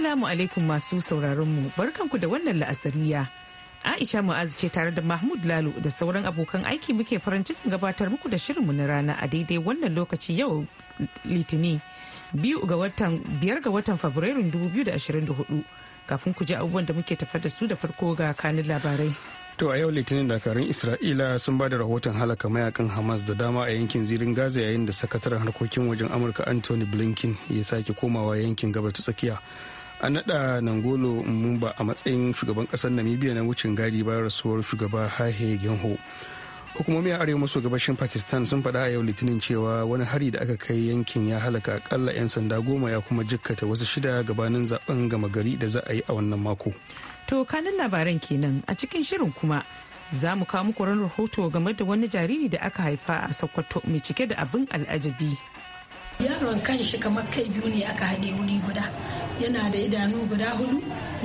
Assalamu alaikum masu sauraronmu barkanku da wannan la'asariya. Aisha Mu'azu ce tare da Mahmud Lalu da sauran abokan aiki muke farin cikin gabatar muku da shirinmu na rana a daidai wannan lokaci yau Litini biyu ga watan biyar ga watan Fabrairun 2024 kafin ku ji abubuwan da muke tafar da su da farko ga kanin labarai. To a yau Litinin dakarun Isra'ila sun ba da rahoton halaka mayakan Hamas da dama a yankin zirin Gaza yayin da sakataren harkokin wajen Amurka Anthony Blinken ya sake komawa yankin gabas ta tsakiya. an naɗa nangolo mumba a matsayin shugaban ƙasar namibia na wucin gadi bayan rasuwar shugaba hahe genho hukumomi a arewa maso gabashin pakistan sun faɗa a yau litinin cewa wani hari da aka kai yankin ya halaka akalla 'yan sanda goma ya kuma jikkata wasu shida gabanin zaben gama gari da za a yi a wannan mako to kanin labaran kenan a cikin shirin kuma za mu kawo muku rahoto game da wani jariri da aka haifa a sokoto mai cike da abin al'ajabi yaron kan shi kamar kai biyu ne aka haɗe wuri guda yana da idanu guda hudu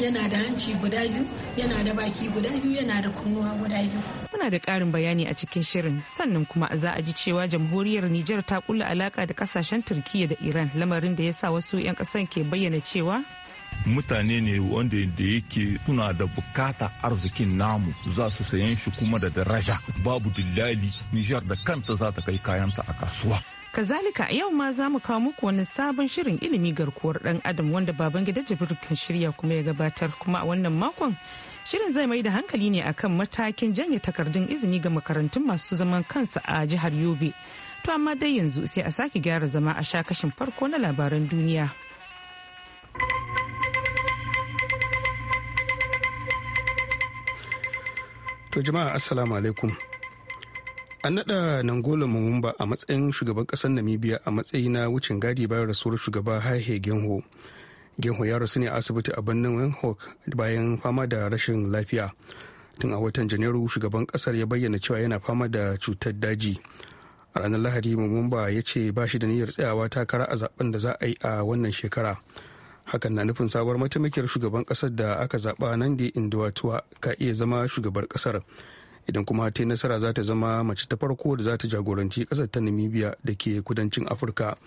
yana da hanci guda biyu yana da baki guda biyu yana da kunnuwa guda biyu muna da ƙarin bayani a cikin shirin sannan kuma za a ji cewa jamhuriyar Nijar ta kulla alaka da kasashen Turkiyya da Iran lamarin da ya sa wasu 'yan ƙasan ke bayyana cewa mutane ne wanda da yake suna da bukata arzikin namu za su sayan shi kuma da daraja babu dillali nijar da kanta za ta kai kayanta a kasuwa Kazalika a yau ma za mu kawo muku wani sabon shirin ilimi garkuwar dan adam wanda baban gida jibiru kan shirya kuma ya gabatar kuma a wannan makon shirin zai mai da hankali ne akan matakin janye takardun izini ga makarantun masu zaman kansa a jihar Yobe. To amma dai yanzu sai a sake gyara zama a sha kashin farko na labaran duniya. To jama'a assalamu alaikum. An naɗa Nangola Mumumba a matsayin shugaban ƙasar Namibia a matsayi na wucin gadi bayan rasuwar shugaba Haihe Genho. Genho ya rasu ne a asibiti a birnin Windhoek bayan fama da rashin lafiya. Tun a watan Janairu shugaban ƙasar ya bayyana cewa yana fama da cutar daji. A ranar Lahadi Mumumba ya ce ba shi da niyyar tsayawa takara a zaben da za a yi a wannan shekara. hakan na nufin sabuwar mataimakiyar shugaban kasar da aka zaɓa nan da induwatuwa ka iya zama shugabar kasar idan kuma ta yi nasara za ta zama mace ta farko da za ta jagoranci kasar ta namibia da ke kudancin afirka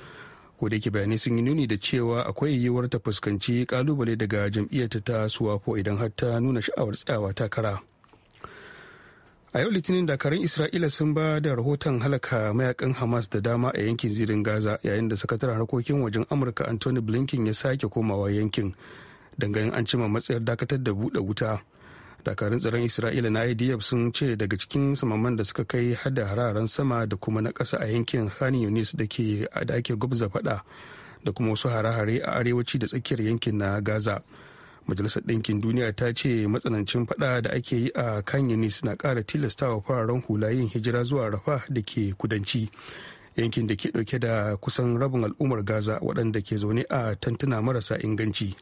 ko da yake bayanai sun yi nuni da cewa akwai yiwuwar ta fuskanci kalubale daga jam'iyyarta ta suwafo idan har ta nuna sha'awar tsayawa takara a yau litinin dakarun isra'ila sun ba da rahoton halaka mayakan hamas da dama a yankin zirin gaza yayin da sakataren harkokin wajen amurka anthony blinken ya sake komawa yankin dangane an cima matsayar dakatar da buɗe wuta dakarun tsaron isra'ila na idf sun ce daga cikin samaman da suka kai hada hararen sama da kuma na kasa a yankin khan yunis da ke da ake gubza faɗa da kuma wasu hare-hare a arewaci da tsakiyar yankin na gaza majalisar ɗinkin duniya ta ce matsanancin faɗa da ake yi a khan yunis na ƙara tilastawa fararen hula yin hijira zuwa rafa da ke kudanci yankin da ke ɗauke da kusan rabin al'ummar gaza waɗanda ke zaune a tantuna marasa inganci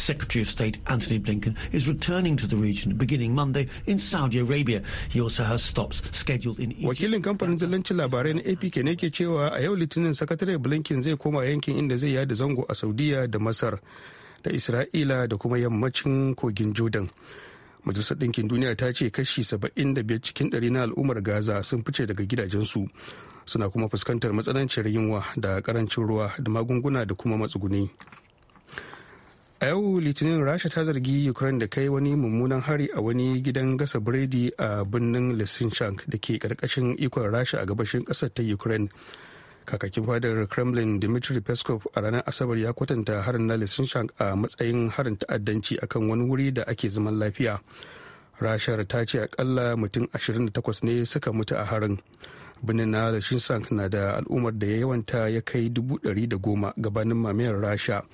Secretary of State Antony Blinken is returning to the region beginning Monday in Saudi Arabia. He also has stops scheduled in Egypt. Wakilin kamfanin dillancin labarai na APK ne ke cewa a yau Litinin Sakatare Blinken zai koma yankin inda zai yada zango a Saudiya da Masar da Isra'ila da kuma yammacin kogin Jordan. Majalisar Ɗinkin Duniya ta ce kashi 75 cikin ɗari na al'ummar Gaza sun fice daga gidajensu. suna kuma fuskantar matsanancin yunwa da karancin ruwa da magunguna da kuma matsuguni. a yau litinin rasha ta zargi ukraine da kai wani mummunan hari a wani gidan gasa biredi a birnin lysychansk da ke karkashin ikon rasha a gabashin kasar ta ukraine kakakin fadar kremlin dmitry peskov a ranar asabar ya kwatanta harin na lysychansk a matsayin harin ta'addanci akan wani wuri da ake zaman lafiya rashar ta ce akalla mutum 28 ne suka mutu a harin birnin na lysychansk na da al'ummar da ya yawanta ya kai 110 gabanin mamayar rasha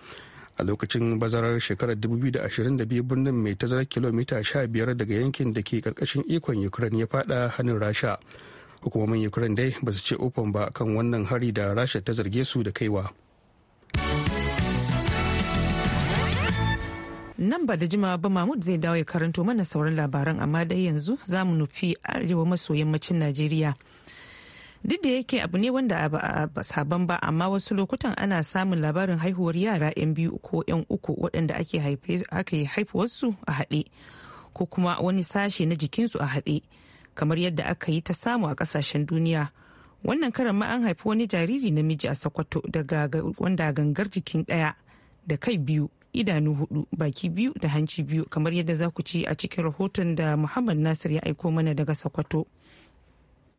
a lokacin bazarar shekarar 2022 birnin mai tazarar kilomita 15 daga yankin da ke karkashin ikon ukraine ya fada hannun rasha hukumomin ukraine dai ba su ce open ba kan wannan hari da rasha ta zarge su da kaiwa nan ba da jimawa ba mahmud zai dawo ya karanto mana sauran labaran amma dai yanzu za mu nufi arewa maso yammacin najeriya duk da yake abu ne wanda ba sabon ba amma wasu lokutan ana samun labarin haihuwar yara 'yan biyu ko 'yan uku waɗanda ake haifuwarsu a haɗe ko kuma wani sashe na jikinsu a haɗe kamar yadda aka yi ta samu a ƙasashen duniya wannan karan ma an haifi wani jariri namiji a sokoto daga wanda gangar jikin ɗaya da kai biyu idanu hudu baki biyu da hanci biyu kamar yadda za ku ci a cikin rahoton da muhammad nasir ya aiko mana daga sokoto.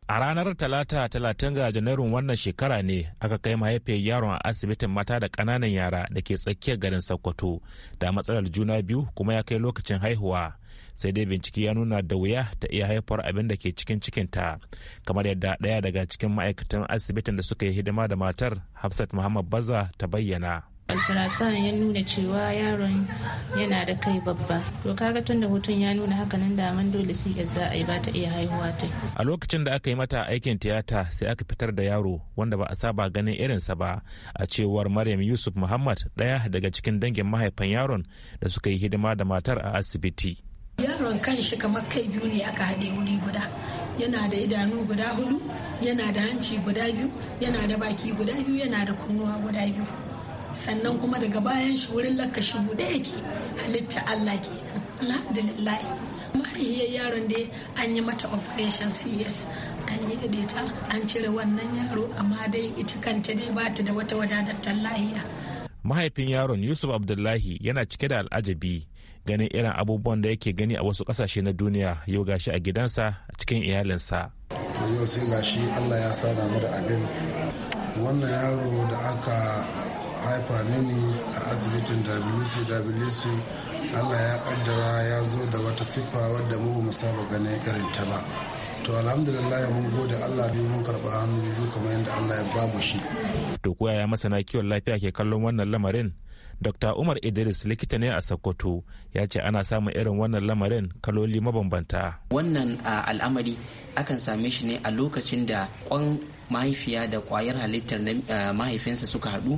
A ranar Talata talatin ga Janairun wannan shekara ne aka kai mahaifiyar yaron a asibitin mata da kananan yara da ke tsakiyar garin Sokoto da matsalar juna biyu kuma ya kai lokacin haihuwa. Sai dai bincike ya nuna da wuya ta iya haifar abin da ke cikin cikinta kamar yadda ɗaya daga cikin ma'aikatan asibitin da suka yi hidima da matar Hafsat Muhammad Baza ta bayyana. ultrasound ya nuna cewa yaron yana da kai babba to kaga tun da hoton ya nuna haka nan da man dole sai za a yi ba ta iya haihuwa ta a lokacin da aka yi mata aikin tiyata sai aka fitar da yaro wanda ba a saba ganin irinsa ba a cewar maryam yusuf muhammad daya daga cikin dangin mahaifan yaron da suka yi hidima da matar a asibiti yaron kan shi kamar kai biyu ne aka haɗe wuri guda yana da idanu guda hudu yana da hanci guda biyu yana da baki guda biyu yana da kunnuwa guda biyu sannan kuma daga bayan shi wurin lakashi bude yake halitta Allah ke alhamdulillahi Mahaifiyar yaron da an yi mata operation cs an yi ta an cire wannan yaro amma dai ita kanta dai ba ta da wata wadatattar lahiya mahaifin yaron yusuf abdullahi yana cike da al'ajabi ganin irin abubuwan da yake gani a wasu kasashe na duniya yau gashi a gidansa a cikin iyalinsa to yau sai gashi allah ya sada mu da abin wannan yaro da aka haifa mini a asibitin wcwc allah ya kaddara ya zo da wata siffa wadda mu bamu saba ganin irin ta ba to alhamdulillah mun gode allah biyu mun karba hannu biyu kamar yadda allah ya ba mu shi to ko yaya masana kiwon lafiya ke kallon wannan lamarin dr umar idris likita ne a sokoto ya ce ana samun irin wannan lamarin kaloli mabambanta wannan al'amari akan same shi ne a lokacin da kwan mahaifiya da kwayar halittar mahaifinsa suka haɗu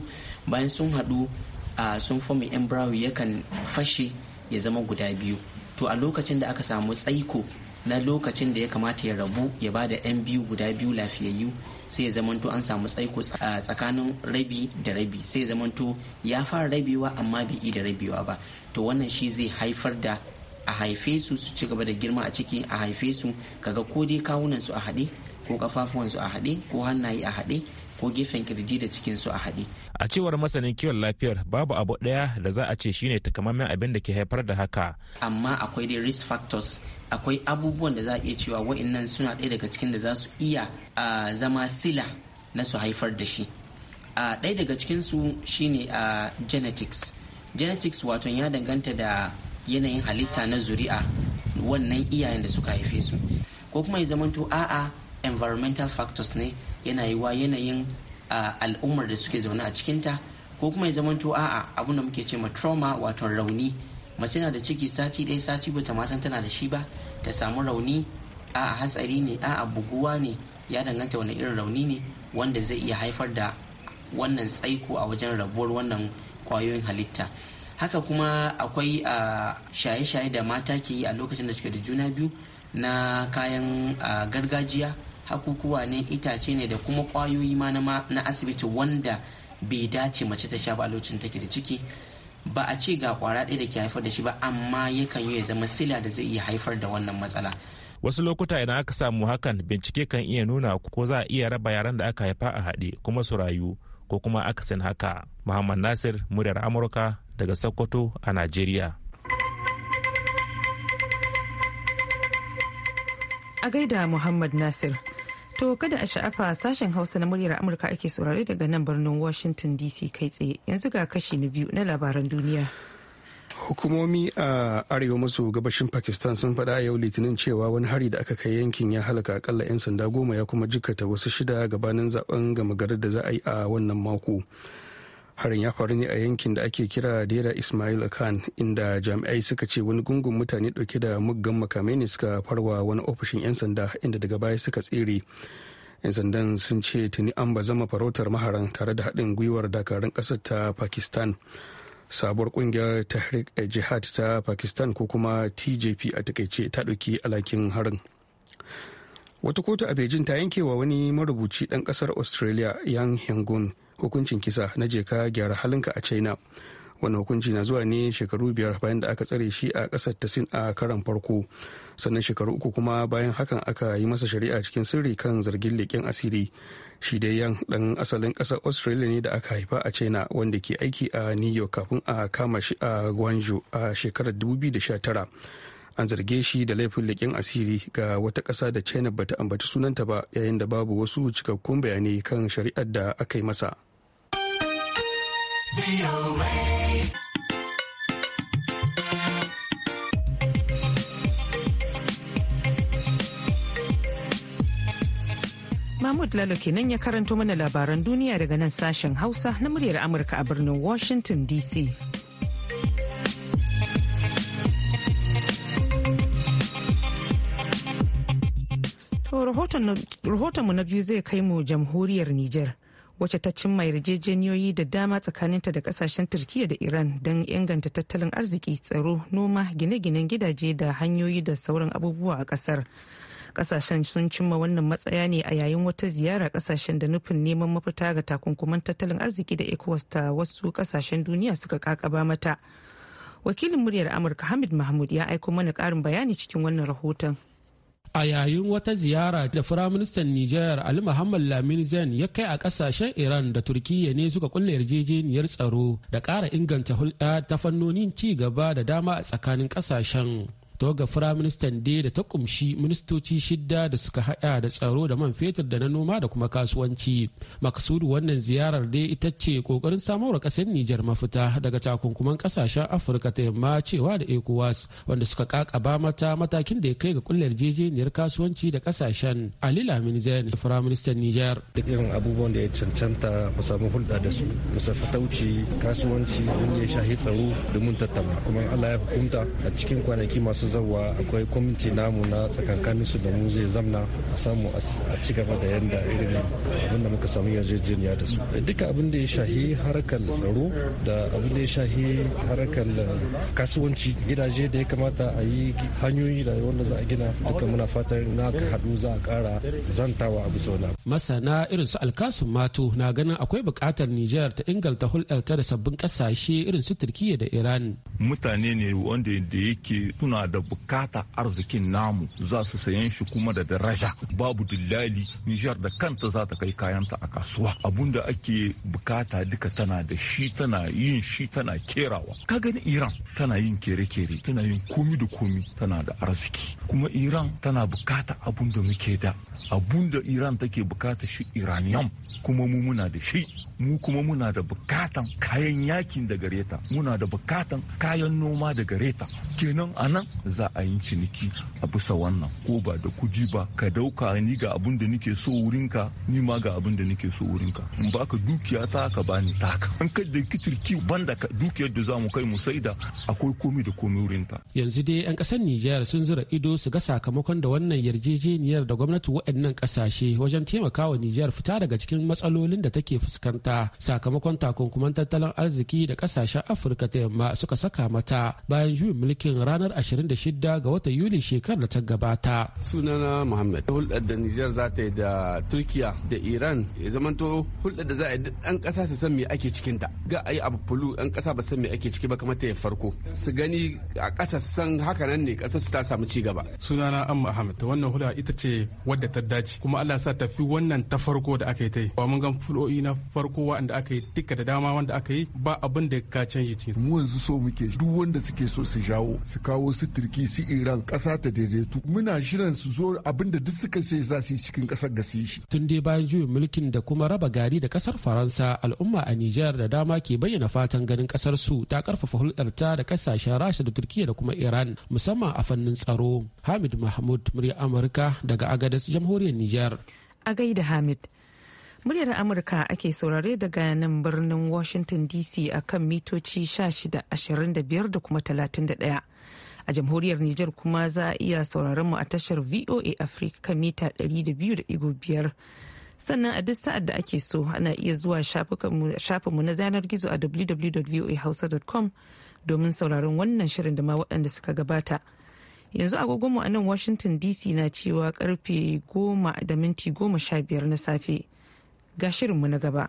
bayan sun haɗu a sun fomi yan brawi yakan fashe ya zama guda biyu to a lokacin da aka samu tsaiko na lokacin da ya kamata ya rabu ya ba da yan biyu guda biyu lafiyayyu sai ya zamanto an samu tsaiko tsakanin rabi da rabi sai ya zamanto ya fara rabewa amma bai yi da rabewa ba to wannan shi zai haifar da a haife su su ci gaba da girma a ciki a haife su kaga ko dai kawunan su a haɗe ko kafafuwan su a haɗe ko hannaye a haɗe ko gefen kirji da cikin su a haɗe. A cewar masanin kiwon lafiyar babu abu ɗaya da za a ce shine takamaiman abin da ke haifar da haka. Amma akwai dai risk factors akwai abubuwan da za a iya cewa wa'innan suna ɗaya daga cikin da za su iya zama sila na su haifar da shi. A ɗaya daga cikin su shine a genetics. Genetics wato ya danganta da yanayin halitta na zuri'a wannan iyayen da suka haife su. Ko kuma ya zamanto a'a environmental factors ne yana yiwa yanayin al'ummar da suke zaune a cikinta ko kuma ya zama to a'a abin da muke ce ma trauma wato rauni mace na da ciki sati ɗaya sati bata ma san tana da shi ba ta samu rauni a hatsari ne a'a buguwa ne ya danganta wani irin rauni ne wanda zai iya haifar da wannan tsaiko a wajen rabuwar wannan kwayoyin halitta haka kuma akwai a shaye-shaye da mata ke yi a lokacin da suke da juna biyu na kayan gargajiya hakukuwa ne itace ne da kuma kwayoyi ma na asibiti wanda bai dace mace ta sha ba lokacin take da ciki ba a ce ga kwara ɗaya da ke haifar da shi ba amma yakan yi ya zama sila da zai iya haifar da wannan matsala wasu lokuta idan aka samu hakan bincike kan iya nuna ko za a iya raba yaran da aka haifa a haɗe kuma su rayu ko kuma aka akasin haka muhammad nasir muryar amurka daga sokoto a najeriya a gaida muhammad nasir To kada a sha'afa sashen Hausa na muryar Amurka ake saurare daga nan birnin Washington DC kai tsaye yanzu ga kashi na biyu na labaran duniya. Hukumomi a arewa maso gabashin Pakistan sun faɗa a yau litinin cewa wani hari da aka kai yankin ya halaka akalla 'yan sanda goma ya kuma jikata wasu shida gabanin zaben gama garin da za a yi a wannan mako. harin ya faru ne a yankin da ake kira dera ismail khan inda jami'ai suka ce wani gungun mutane dauke da muggan makamai ne suka farwa wani ofishin 'yan sanda inda daga baya suka tsere 'yan sandan sun ce tuni an ba zama farautar maharan tare da haɗin gwiwar dakarun ƙasar ta pakistan sabuwar ƙungiyar tahrik jihad ta pakistan ko kuma tjp a takaice ta ɗauki alakin harin wata kotu a beijing ta yanke wa wani marubuci ɗan ƙasar australia yang hengun hukuncin kisa na jeka gyara halinka a china wani hukunci na zuwa ne shekaru biyar bayan da aka tsare shi a kasar ta sin a karan farko sannan shekaru uku kuma bayan hakan aka yi masa shari'a cikin sirri kan zargin leƙen asiri shi dai yan dan asalin ƙasar australia ne da aka haifa a china wanda ke aiki a new york kafin a kama shi a guangzhou a shekarar 2019 an zarge shi da laifin leƙen asiri ga wata ƙasa da china bata ambaci sunanta ba yayin da babu wasu cikakkun bayanai kan shari'ar da aka yi masa Mahmud Lalo kenan ya karanto mana labaran duniya daga nan sashen Hausa na muryar Amurka a birnin Washington DC. rahotonmu na biyu zai kai mu jamhuriyar Nijar. wacce ta cimma yarjejeniyoyi da dama tsakaninta da kasashen turkiya da iran don inganta tattalin arziki tsaro noma gine-ginen gidaje da hanyoyi da sauran abubuwa a kasar kasashen sun cimma wannan matsaya ne a yayin wata ziyara kasashen da nufin neman mafita ga takunkuman tattalin arziki da ecowas ta wasu kasashen duniya suka kakaba mata wakilin muryar amurka hamid mahmud ya aiko mana karin bayani cikin wannan rahoton a yayin wata ziyara da firaministan Nijar Ali Muhammad Lamin Zen ya kai a kasashen Iran da Turkiyya ne suka kulle yarjejeniyar tsaro da ƙara inganta hulɗa ta fannonin ci gaba da dama a tsakanin kasashen. ga firaministan dai da ta kumshi ministoci shidda da suka haɗa da tsaro da man fetur da na noma da kuma kasuwanci makasudu wannan ziyarar dai ita ce kokarin da ƙasar nijar mafita daga takunkuman ƙasashen afirka ta yamma cewa da ecowas wanda suka kakaba mata matakin da ya kai ga kullar jejeniyar kasuwanci da ƙasashen ali lamin zain firaministan nijar duk irin abubuwan da ya cancanta mu samu hulɗa da su mu tauci kasuwanci ya shahi tsaro domin tattauna kuma allah ya hukunta a cikin kwanaki masu zawa akwai kwamiti namu na tsakankanin su da mu zai zamna a samu a ci gaba da yanda irin wanda muka samu yarjejeniya da su eh, duka abin da ya shahi harkar tsaro da abin da ya shahi harkar kasuwanci gidaje da ya kamata a yi hanyoyi da wanda za a gina duka muna fatan na haɗu za a ƙara zantawa a bisa wani masana irin su alkasun mato na ganin akwai buƙatar nijar ta inganta hulɗarta da sabbin ƙasashe irin su turkiya da iran mutane ne wanda da yake suna da da bukata arzikin namu za su sayan shi kuma da daraja babu dillali nijar da kanta za ta kai kayanta a kasuwa abun da ake bukata duka tana da shi tana yin shi tana kerawa ka gani iran tana yin kere-kere tana yin komi da komi tana da arziki kuma iran tana bukata abun da muke da abun da iran take bukata shi iraniyan kuma mu muna da shi mu kuma muna da bukatan kayan yakin da gareta muna da bukatan kayan noma da gareta kenan anan za a yi ciniki a bisa wannan ko ba da kuji ba ka dauka ni ga abin da nike so wurinka ni ma ga abin da nike so wurinka in baka dukiya ta ka bani taka an ka da kitirki banda ka dukiyar da zamu kai mu saida akwai komai da komai wurinta yanzu dai yan kasar Nijar sun zura ido su ga sakamakon da wannan yarjejeniyar da gwamnati waɗannan kasashe wajen taimakawa Nijar fita daga cikin matsalolin da take fuskanta sakamakon takunkuman tattalin arziki da kasashen Afirka ta yamma suka saka mata bayan juyin mulkin ranar 26 ga watan Yuli shekarar da ta gabata. Sunana Muhammad. Hulɗar da Nijar za ta yi da Turkiya da Iran ya zamanto hulɗar da za a yi ɗan ƙasa su san me ake cikinta. Ga a yi abu fulu ɗan ƙasa ba san me ake ciki ba kamar ta ya farko. Su gani a ƙasa su san haka nan ne ƙasar su ta samu ci gaba. Sunana Amma Ahmed wannan hulɗa ita ce wadda ta dace kuma Allah sa tafi wannan ta farko da aka yi ta yi. Ba mun gan fulo'i na farko da aka yi duka da dama wanda aka yi ba abin da ka canji ci. Mu yanzu so muke duk wanda suke so su jawo su kawo sitiri arziki su iran kasa ta daidaitu muna shirin su zo abin da duk suka ce za su yi cikin ƙasar da su shi tun dai bayan juyin mulkin da kuma raba gari da kasar faransa al'umma a nijar da dama ke bayyana fatan ganin ƙasar su ta karfafa hulɗarta da kasashen rasha da turkiya da kuma iran musamman a fannin tsaro hamid mahmud murya amurka daga agadas jamhuriyar nijar a gaida hamid muryar amurka ake saurare daga nan birnin washington dc akan mitoci ashirin da kuma 31 a jamhuriyar Nijar kuma za a iya sauraron mu a tashar VOA Africa kan mita 200.5 sannan a duk sa'ad da ake so ana iya zuwa shafinmu na zanar gizo a www.voahausa.com domin sauraron wannan shirin da ma waɗanda suka gabata. yanzu agogonmu a nan washington dc na cewa karfe goma da minti goma na safe ga shirinmu na gaba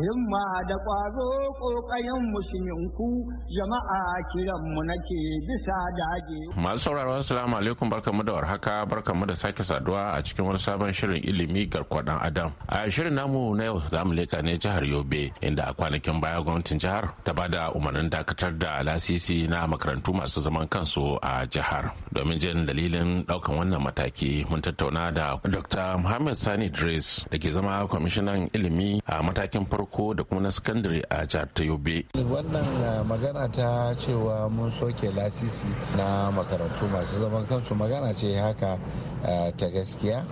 himma da ƙwazo ƙoƙayen musulminku jama'a kiran mu nake bisa dage. Masu sauraro assalamu alaikum barkamu da warhaka barkamu da sake saduwa a cikin wani sabon shirin ilimi ga dan adam. A shirin namu na yau za mu leƙa ne jihar Yobe inda a kwanakin baya gwamnatin jihar ta ba da umarnin dakatar da lasisi na makarantu masu zaman kansu a jihar. Domin jin dalilin ɗaukan wannan mataki mun tattauna da Dr. Muhammad Sani Dres da ke zama kwamishinan ilimi a matakin farko farko da kuma na sakandare a jihar ta yobe wannan eh, magana ta cewa mun soke lasisi na makarantu masu zaman kansu magana ce haka eh, ta gaskiya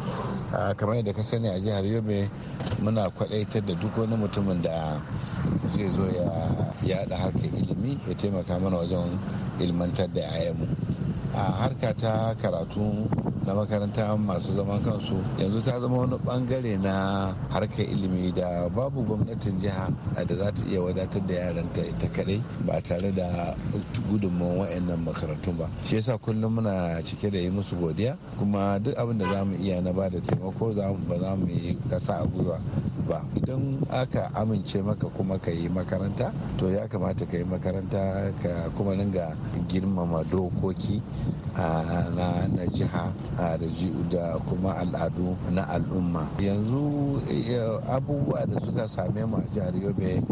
ah, kamar yadda ka sani a jihar yobe muna kwadaitar da duk wani mutumin da zai zo ya yada harkar ilimi ya taimaka mana wajen ilmantar da 'ya'yanmu a harka ta karatu na makaranta masu zaman kansu yanzu ta zama wani bangare na harkar ilimi da babu gwamnatin jiha da za ta iya wadatar da yaran ta ita kadai ba tare da gudunmawar wayannan makarantu ba shi yasa kullum muna cike da yi musu godiya kuma duk abin da za mu iya na ba da taimako ba za mu yi kasa a gwiwa ba idan aka amince maka kuma ka yi makaranta to ya kamata ka yi makaranta ka kuma ringa girmama dokoki na jiha da kuma al'adu na al'umma yanzu eh, abubuwa da suka same mu a jihar yobe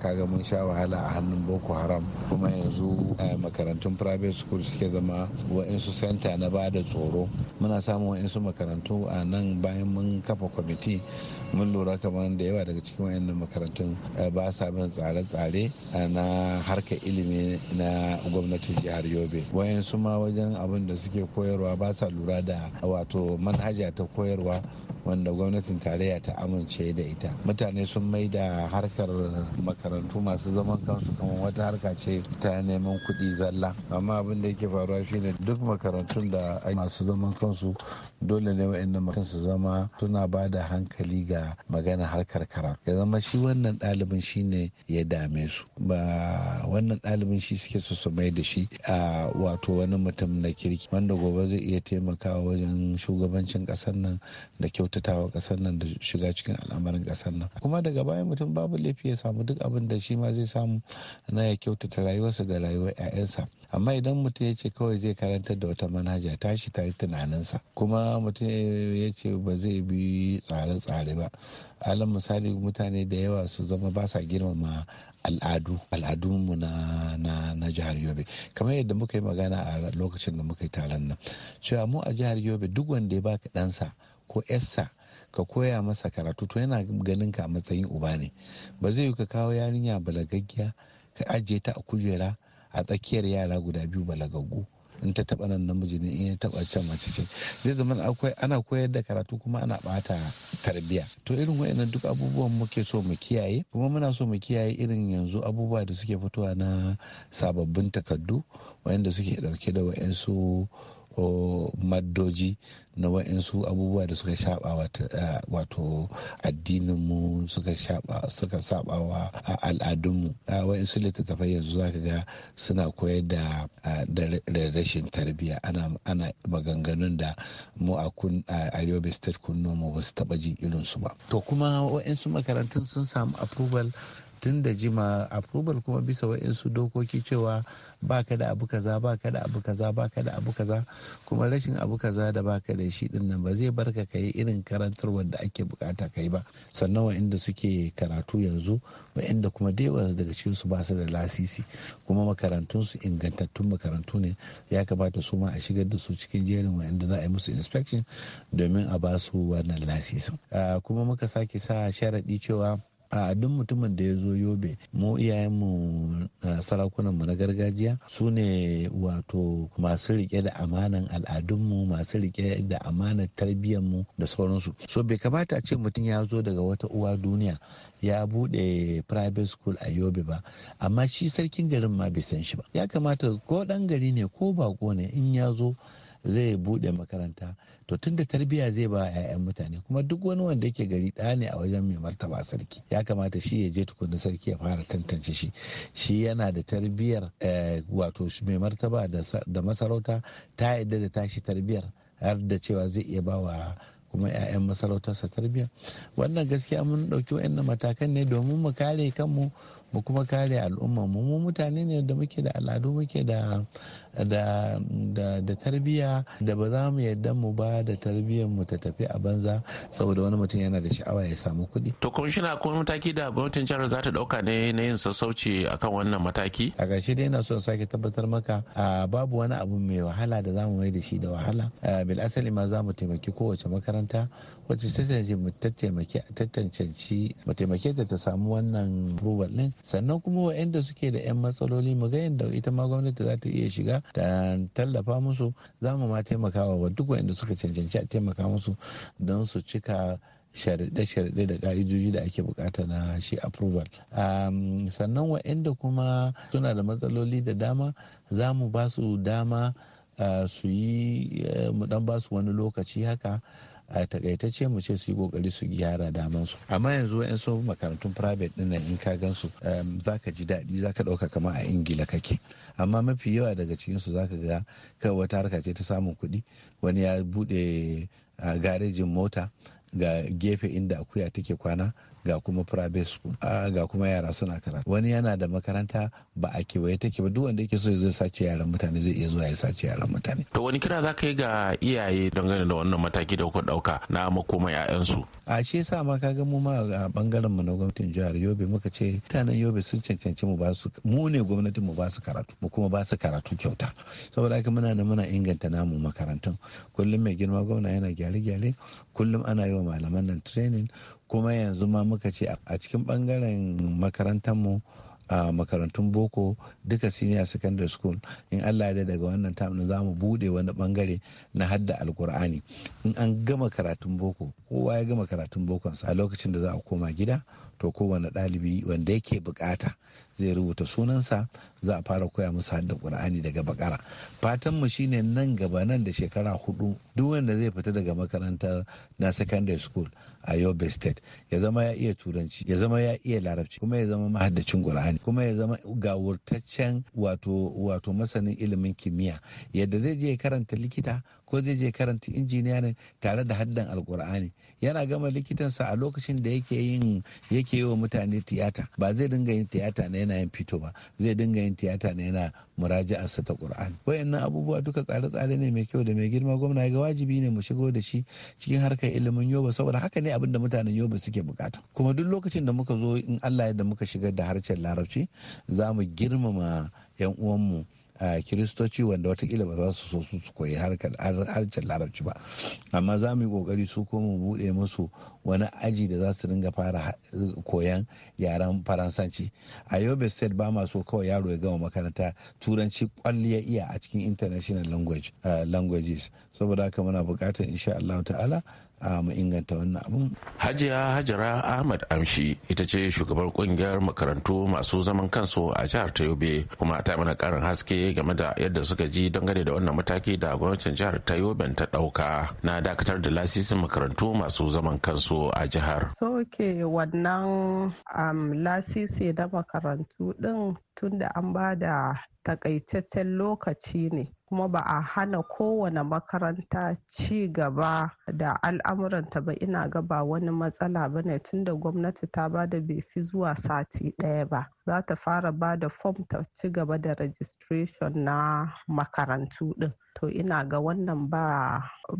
kaga mun sha wahala a hannun boko haram kuma yanzu makarantun private school suke zama wa'insu senta na ba da tsoro muna samun wa'insu makarantu a nan bayan mun kafa kwamiti mun lura kamar da yawa daga cikin wa'annan makarantun eh, ba sa bin tsare-tsare eh, na harkar ilimi na gwamnatin jihar yobe wa'insu ma wajen wajen abin da suke koyarwa ba sa lura da wato manhaja ta koyarwa wanda gwamnatin tarayya ta amince da ita mutane sun mai da harkar makarantu masu zaman kansu kamar wata harka ce ta neman kuɗi zalla amma abin da yake faruwa shine duk makarantun da masu zaman kansu dole ne wa'annan matan su zama suna ba da hankali ga magana harkar karatu ya zama shi wannan ɗalibin ne ya dame su ba wannan ɗalibin shi suke su su mai da shi a wato wani mutum abin na kirki wanda gobe zai iya taimakawa wajen shugabancin ƙasar nan da kyautatawa ƙasar nan da shiga cikin al'amarin ƙasar nan kuma daga baya mutum babu laifi ya samu duk abin da shi ma zai samu na ya kyautata rayuwarsa da rayuwar 'ya'yansa amma idan mutum ya ce kawai zai karantar da wata manhaja tashi ta yi tunaninsa kuma mutum ya ce ba zai bi tsare-tsare ba alam misali mutane da yawa su zama ba sa girmama al'adu al'adunmu na na na jihar yobe kamar yadda muka yi magana a lokacin da muka yi taron nan cewa mu a jihar yobe duk wanda ya baka ɗansa ko 'yarsa ka koya masa karatu to yana ganin ka matsayin uba ne ba zai yi ka kawo yarinya balagaggiya ka ajiye ta a kujera a tsakiyar yara guda biyu balagaggu in ta taba nan namiji ne in ya taba can mace ce zai zama akwai ana koyar da karatu kuma ana bata tarbiyya to irin wayannan duk abubuwan muke so mu kiyaye kuma muna so mu kiyaye irin yanzu abubuwa da suke fitowa na sababbin takardu wayanda suke dauke da wayansu ko maddoji na wa'insu abubuwa da suka shaɓa wato addininmu suka shaɓa suka saɓa wa al'adunmu wa'insu littattafai yanzu za zaka ga suna koyar da rashin tarbiyya ana maganganun da mu a yobe state kunno mu ba su taɓa jin irinsu ba to kuma wa'insu makarantun sun samu approval tun da jima approval kuma bisa wa'insu dokoki cewa ba ka da abu kaza ba ka da abu kaza ba ka da abu kaza kuma rashin abu kaza da ba ka da shi din nan ba zai barka ka yi irin karantarwar da ake bukata kai ba sannan wa'inda suke karatu yanzu wa'inda kuma da yawa daga cikin su ba su da lasisi kuma makarantun su ingantattun makarantu ne ya kamata su ma a shigar da su cikin jerin wa'inda za a yi musu inspection domin a ba su wannan lasisin ah, kuma muka sake sa sharaɗi cewa a duk mutumin da ya zo yobe mu iyayenmu mu na gargajiya su ne wato masu rike da amanan al'adunmu masu rike da amanan mu da sauransu so bai kamata ce mutum ya zo daga wata uwa duniya ya bude private school a yobe ba amma shi sarkin garin ma bai san shi ba ya kamata ko dan gari ne ko bako ne in ya zo zai bude makaranta to tunda tarbiyya zai ba 'ya'yan mutane kuma duk wani wanda yake gari ɗa ne a wajen mai martaba sarki ya kamata shi ya je tukunna sarki ya fara tantance shi shi yana da tarbiyyar eh, wato mai martaba da masarauta ta yadda da tashi tarbiyyar har da cewa zai iya ba wa kuma 'ya'yan masarautarsa tarbiyya wannan gaskiya mun ɗauki wa'annan matakan ne domin mu kare kanmu mu kuma kare al'umma mu mu mutane ne da muke da al'adu muke da da da tarbiyya da ba za mu yarda mu ba da tarbiyyar mu ta tafi a banza saboda wani mutum yana da sha'awa ya samu kuɗi. To kwamishina akwai mataki da gwamnatin jihar za ta ɗauka ne na yin sassauci akan wannan mataki? A ƙarshe dai na son sake tabbatar maka babu wani abu mai wahala da za mu mai da shi da wahala. Bil asali ma za mu taimaki kowace makaranta wacce ta taimaki ta cancanci mu taimake ta ta samu wannan rubar ɗin sannan kuma wa'anda suke da 'yan matsaloli mu ga yadda ita ma gwamnati za ta iya shiga ta tallafa musu za mu ma taimakawa wa duk waɗanda suka cancanci a taimaka musu don su cika sharaɗe-sharaɗe da ƙa'idoji da ake bukata na shi approval sannan wa'anda kuma suna da matsaloli da dama za mu ba su dama su yi eh, mu dan ba su wani lokaci haka a takaitacce mu ce su yi kokari su gyara daman su amma yanzu yan so makarantun private din nan in ka gan su ka ji daɗi za ka ɗauka kama a ingila kake amma mafi yawa daga cikin su ka ga kawai wata harka ce ta samun kuɗi wani ya buɗe garejin mota ga gefe inda akuya take kwana ga kuma private school ga kuma yara suna karatu wani yana da makaranta ba a kewaye take ba duk wanda yake so ya zai sace yaran mutane zai iya zuwa ya sace yaran mutane to wani kira zaka yi ga iyaye dangane da wannan mataki da kuka dauka na makoma su a shi yasa ma kaga mu ma a bangaren mu na gwamnatin jihar Yobe muka ce mutanen Yobe sun cancanci mu ba su mu ne gwamnatin mu ba su karatu mu kuma ba su karatu kyauta saboda haka muna nan muna inganta namu makarantun kullum mai girma gwamna yana gyare-gyare kullum ana yi wa malaman nan training kuma yanzu ma muka ce a cikin bangaren makarantarmu a makarantun boko duka senior secondary school in allah da daga wannan tam za mu bude wani bangare na hadda alkur'ani in an gama karatun boko kowa ya gama karatun bokonsa a lokacin da za a koma gida to kowane ɗalibi wanda yake bukata zai rubuta sunansa za a fara koya musu hadda qur'ani daga bakara fatan mu shine nan gaba nan da shekara hudu duk wanda zai fita daga makarantar na secondary school a yobe state ya zama ya iya turanci ya zama ya iya larabci kuma ya zama mahaddacin qur'ani kuma ya zama gawurtaccen wato wato masanin ilimin kimiyya yadda zai je karanta likita ko zai je karanta injiniya ne tare da haddan alkur'ani yana gama likitansa a lokacin da yake yin yake yi wa mutane tiyata ba zai dinga yin tiyata na yana yin fito ba zai dinga yin tiyata ne yana muraja'arsa ta qur'ani wayannan abubuwa duka tsare-tsare ne mai kyau da mai girma gwamna ga wajibi ne mu shigo da shi cikin harkar ilimin yoba saboda haka ne abin da mutanen yoba suke bukata kuma duk lokacin da muka zo in Allah ya da muka shigar da harshen larabci za mu girmama yan uwanmu kiristoci wanda watakila ba za su so su su koyi harcen larabci ba amma za mu yi kokari su ko mu buɗe musu wani aji da za su ringa fara eh, koyan yaren faransanci a yobe state ba ma so kawai yaro ya gama makaranta turanci kwalli iya a cikin international eh, languages saboda haka muna buƙatar insha Allah ta'ala mu inganta wannan abun. Hajiya Hajara Ahmad Amshi ita ce shugabar kungiyar makarantu masu zaman kansu a jihar ta Yobe kuma ta mana karin haske game da yadda suka ji dangane da wannan mataki da gwamnatin jihar ta Yobe ta dauka na dakatar da lasisin makarantu masu zaman kansu a jihar. Soke wannan um, lasisi na makarantu din tunda an ba da takaitaccen lokaci ne kuma ba a hana kowane makaranta ci gaba da al'amuranta ba ina ga ba wani matsala ba ne tunda gwamnati ta ba da fi zuwa sati ɗaya ba za ta fara ba da fom ta ci gaba da registration na makarantu ɗin to ina ga wannan ba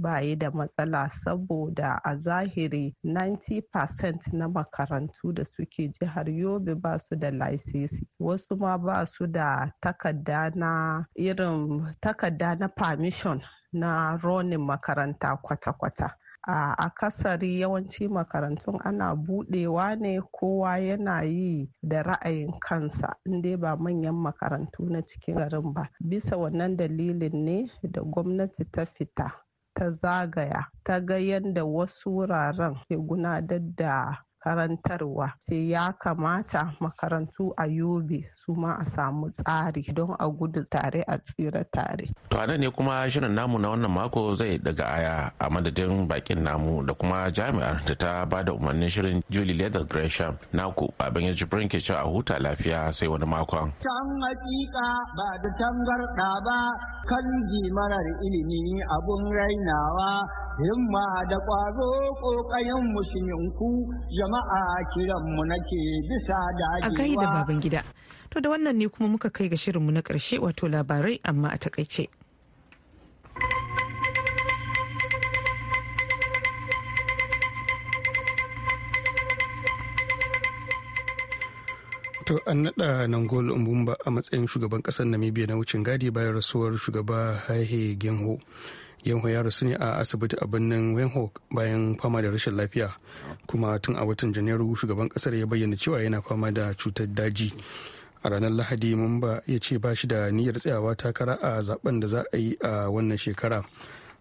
ba yi da matsala saboda a zahiri 90% na makarantu da suke jihar yobe ba su da laisisi wasu ma ba su da takarda na irin takarda na permission na ronin makaranta kwata-kwata a akasari yawanci makarantun ana budewa ne kowa yana yi da ra'ayin kansa inda ba manyan makarantu na cikin garin ba bisa wannan dalilin ne da gwamnati ta fita ta zagaya ta ga yadda wasu wuraren ke gudanar da karantarwa sai ya kamata makarantu a yobe su ma a samu tsari don a gudu tare a tsira tare. To a ne kuma shirin namu na wannan mako zai daga aya a madadin bakin namu da kuma jami'ar da ta ba da umarnin shirin Julie Leather Gresham Na ku abin ya jibrin ke a huta lafiya sai wani makon. Can hakika ba da tangarɗa ba kan marar ilimi abun rainawa himma da ƙwaro ƙoƙayen musulminku jama'a jama'a kiranmu nake bisa da a baban gida to da wannan ne kuma muka kai ga shirinmu na karshe wato labarai amma a takaice To an naɗa Nangol Mbumba a matsayin shugaban ƙasar Namibia na wucin gadi bayan rasuwar shugaba Haihe Genho. yanho ya rasu ne a asibiti a birnin wenhok bayan fama da rashin lafiya kuma tun a watan janairu shugaban kasar ya bayyana cewa yana fama da cutar daji a ranar lahadi mamba ya ce ba shi da niyyar tsayawa takara a zaben da za a yi a wannan shekara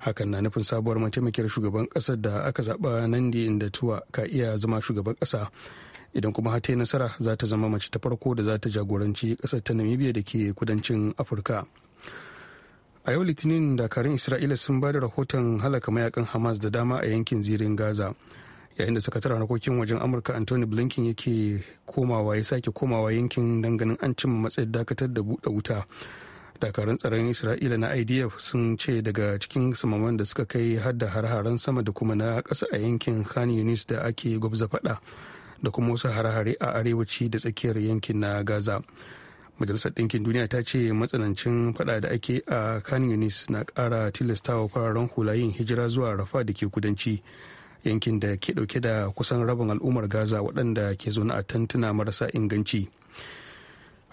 hakan na nufin sabuwar mataimakiyar shugaban kasar da aka zaba nan da inda tuwa ka iya zama shugaban kasa idan kuma hata nasara za ta zama mace ta farko da za ta jagoranci kasar ta namibia da ke kudancin afirka a yau litinin dakarun isra'ila sun ba da rahoton halaka mayakan hamas da dama a yankin zirin gaza yayin da sakataren harkokin wajen amurka anthony blinken yake komawa ya sake komawa yankin danganin an cimma matsayin dakatar da buɗe wuta dakarun tsaron isra'ila na idf sun ce daga cikin samaman da suka kai har da har-haren sama da kuma na ƙasa a yankin khan yunis da ake gwabza faɗa da kuma wasu har-hare a arewaci da tsakiyar yankin na gaza majalisar ɗinkin duniya ta ce matsanancin fada da ake a kanyonis na ƙara tilastawa fararen hula yin hijira zuwa rafa da ke kudanci yankin da ke ɗauke da kusan rabin al'ummar gaza waɗanda ke zaune a tantuna marasa inganci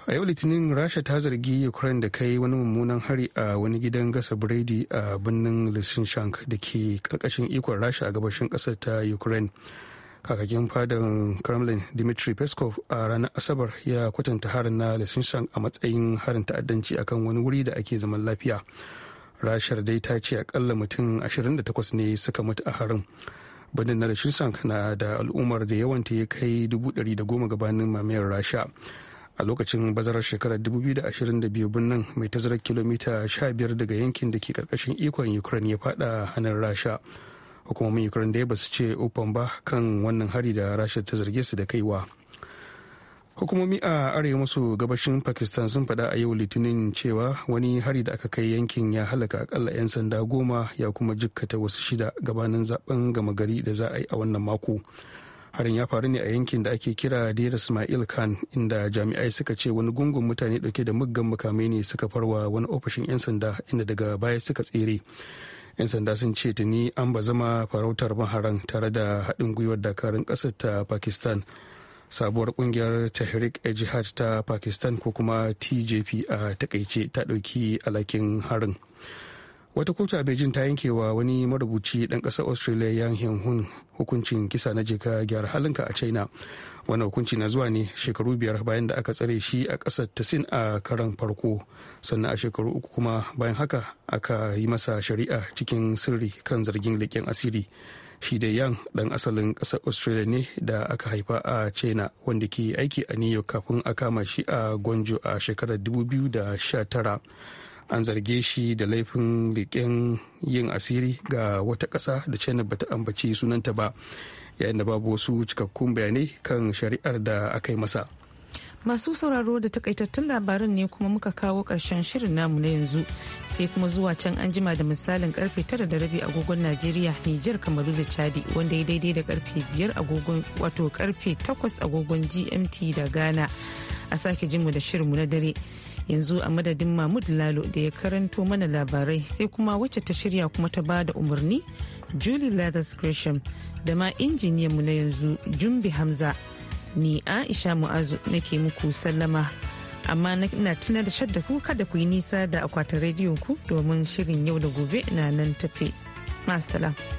a yau litinin rasha ta zargi ukraine da kai wani mummunan hari a wani gidan gasa biredi a birnin lishinshank da ke karkashin ikon rasha a gabashin ƙasar ta ukraine kakakin fadan kremlin dmitry peskov a ranar asabar ya kwatanta harin na lasinshan a matsayin harin ta'addanci akan wani wuri da ake zaman lafiya rashar dai ta ce akalla mutum 28 ne suka mutu a harin birnin na lasinshan na da al'ummar da yawan ta ya kai 110 gabanin mamayar rasha a lokacin bazarar shekarar 2022 birnin mai tazarar kilomita 15 daga yankin da ke karkashin ikon ukraine ya fada hannun rasha hukumomin ukraine dai ya basu ce upan ba kan wannan hari da rasha ta zarge su da kaiwa hukumomi a arewa maso gabashin pakistan sun faɗa a yau litinin cewa wani hari da aka kai yankin ya halaka akalla 'yan sanda goma ya kuma jikkata wasu shida gabanin zaben gama gari da za a yi a wannan mako harin ya faru ne a yankin da ake kira Dera Ismail Khan inda jami'ai suka ce wani gungun mutane dauke da muggan makamai ne suka farwa wani ofishin 'yan sanda inda daga baya suka tsere 'yan sanda sun ce tuni an ba zama farautar maharan tare da haɗin gwiwar dakarun ƙasar ta pakistan sabuwar ƙungiyar tahrik e jihad ta pakistan ko kuma tjp a takaice ta ɗauki alakin harin wata kotu a beijing ta yanke wa wani marubuci dan kasar australia yang hin hun hukuncin kisa na jika gyara halinka a china wani hukunci na zuwa ne shekaru biyar bayan da aka tsare shi a kasar sin a karan farko sannan a shekaru uku kuma bayan haka aka yi masa shari'a cikin sirri kan zargin leƙen asiri shi da yang dan asalin kasar australia ne da aka haifa a china wanda ke aiki a new york kafin a kama shi a gwanjo a shekarar 2019 an zarge shi da laifin leƙen yin asiri ga wata ƙasa da china bata ambaci sunanta ba yayin da babu wasu cikakkun bayanai kan shari'ar da aka yi masa masu sauraro da takaitattun labaran ne kuma muka kawo ƙarshen shirin namu na yanzu sai kuma zuwa can an jima da misalin karfe tara da rabi agogon najeriya nijar kamaru da chadi wanda ya daidai da karfe biyar agogon wato karfe takwas agogon gmt da ghana a sake jinmu da shirinmu na dare yanzu a madadin mahmud lalo da ya karanto mana labarai sai kuma wacce ta shirya kuma ta bada umarni julie lathers gresham da ma injiniyan mu na yanzu jumbi hamza ni aisha mu'azu nake muku sallama amma na tunar da shadda ku kada ku yi nisa da akwatin rediyon ku domin shirin yau da gobe na nan tafe masu